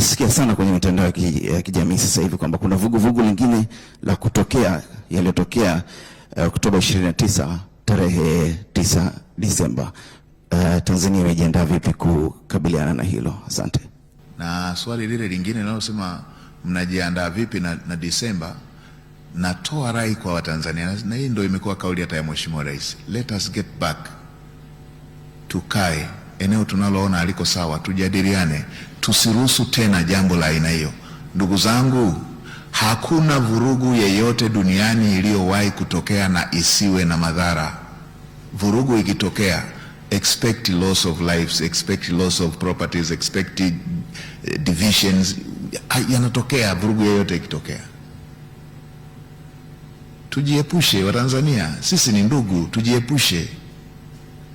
tunasikia sana kwenye mitandao ya kijamii sasa hivi kwamba kuna vuguvugu lingine la kutokea yaliyotokea uh, Oktoba 29 tarehe 9 Disemba. Uh, Tanzania imejiandaa vipi kukabiliana na hilo? Asante. Na swali lile lingine linalosema mnajiandaa vipi na, na Disemba, natoa rai kwa Watanzania, na hii ndio imekuwa kauli hata ya Mheshimiwa Rais, let us get back, tukae eneo tunaloona aliko sawa, tujadiliane Tusiruhusu tena jambo la aina hiyo. Ndugu zangu, hakuna vurugu yeyote duniani iliyowahi kutokea na isiwe na madhara. Vurugu ikitokea, expect loss of lives, expect loss of properties, expect eh, divisions. Yanatokea vurugu yeyote ikitokea. Tujiepushe Watanzania, sisi ni ndugu, tujiepushe.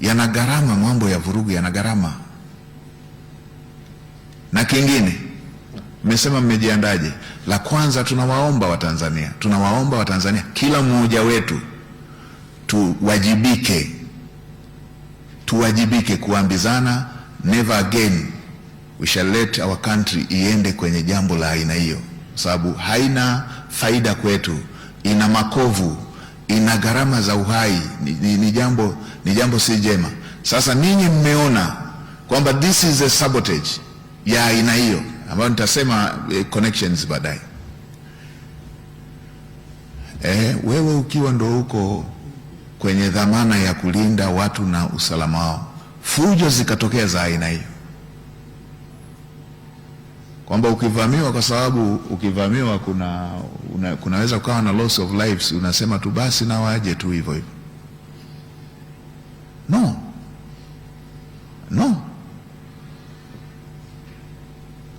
Yana gharama, mambo ya vurugu yana gharama. Na kingine mmesema mmejiandaje? La kwanza tunawaomba Watanzania, tunawaomba Watanzania, kila mmoja wetu tuwajibike, tuwajibike kuambizana never again we shall let our country iende kwenye jambo la aina hiyo, kwa sababu haina faida kwetu, ina makovu, ina gharama za uhai, ni, ni, ni jambo, ni jambo si jema. Sasa ninyi mmeona kwamba this is a sabotage ya aina hiyo ambayo nitasema eh, connections baadaye. Eh, wewe ukiwa ndo huko kwenye dhamana ya kulinda watu na usalama wao, fujo zikatokea za aina hiyo, kwamba ukivamiwa, kwa sababu ukivamiwa kuna, una, kunaweza kukawa na loss of lives, unasema tu basi na waje tu hivyo hivyo, no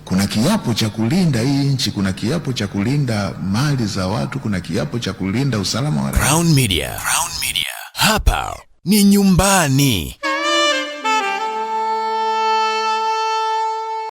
Kuna kiapo cha kulinda hii nchi, kuna kiapo cha kulinda mali za watu, kuna kiapo cha kulinda usalama wa Crown Media. Crown Media. Hapa ni nyumbani.